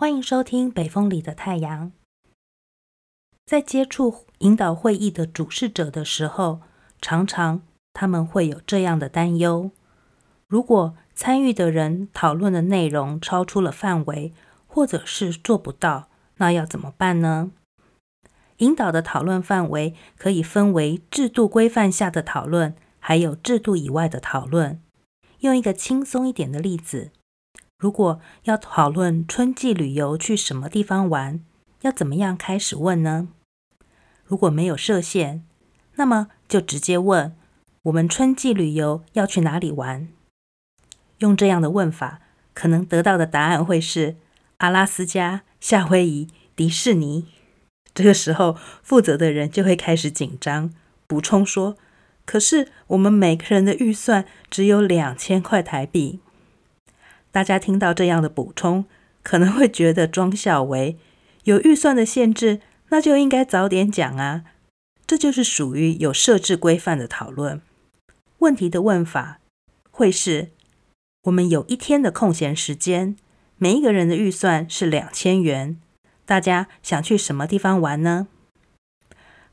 歡迎收聽《北風裡的太陽》。在接觸引導會議的主事者的時候，常常他們會有這樣的擔憂：如果參與的人討論的內容超出了範圍，或者是做不到，那要怎麼辦呢？引導的討論範圍可以分為制度規範下的討論，還有制度以外的討論。用一個輕鬆一點的例子。如果要討論春季旅遊去什麼地方玩，要怎麼樣開始問呢？如果沒有設限，那麼就直接問我們春季旅遊要去哪裡玩。用這樣的問法，可能得到的答案會是阿拉斯加、夏威夷、迪士尼。這個時候，負責的人就會開始緊張，補充說：“可是我們每個人的預算只有兩千塊台幣。”大家聽到這樣的補充，可能會覺得裝笑維，有預算的限制，那就應該早點講啊。這就是屬於有設置規範的討論。問題的問法會是：我們有一天的空閒時間，每一個人的預算是兩千元，大家想去什麼地方玩呢？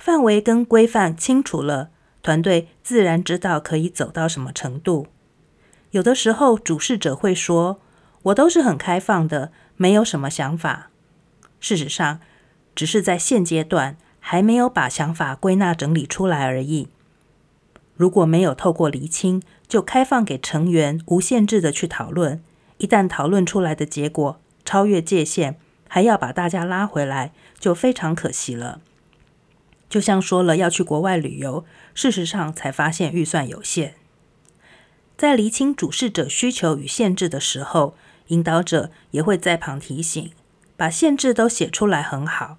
範圍跟規範清楚了，團隊自然知道可以走到什麼程度。有的時候，主事者會說：“我都是很開放的，沒有什麼想法。事實上，只是在現階段還沒有把想法歸納整理出來而已。如果沒有透過釐清，就開放給成員無限制的去討論，一旦討論出來的結果超越界限，還要把大家拉回來，就非常可惜了。就像說了要去國外旅遊，事實上才發現預算有限。”在釐清主事者需求與限制的時候，引導者也會在旁提醒：把限制都寫出來很好，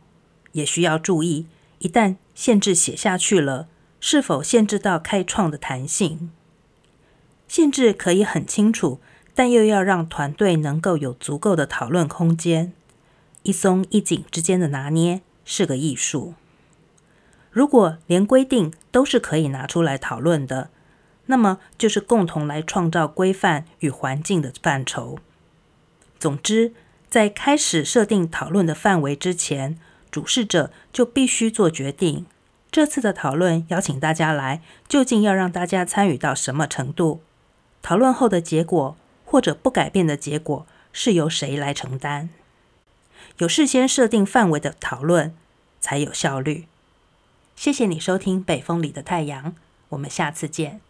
也需要注意，一旦限制寫下去了，是否限制到開創的彈性？限制可以很清楚，但又要讓團隊能夠有足夠的討論空間，一鬆一緊之間的拿捏是個藝術。如果連規定都是可以拿出來討論的，那麼就是共同來創造規範與環境的範疇。總之，在開始設定討論的範圍之前，主事者就必須做決定：這次的討論邀請大家來，究竟要讓大家參與到什麼程度？討論後的結果或者不改變的結果是由誰來承擔？有事先設定範圍的討論才有效率。謝謝你收聽《北風裡的太陽》，我們下次見。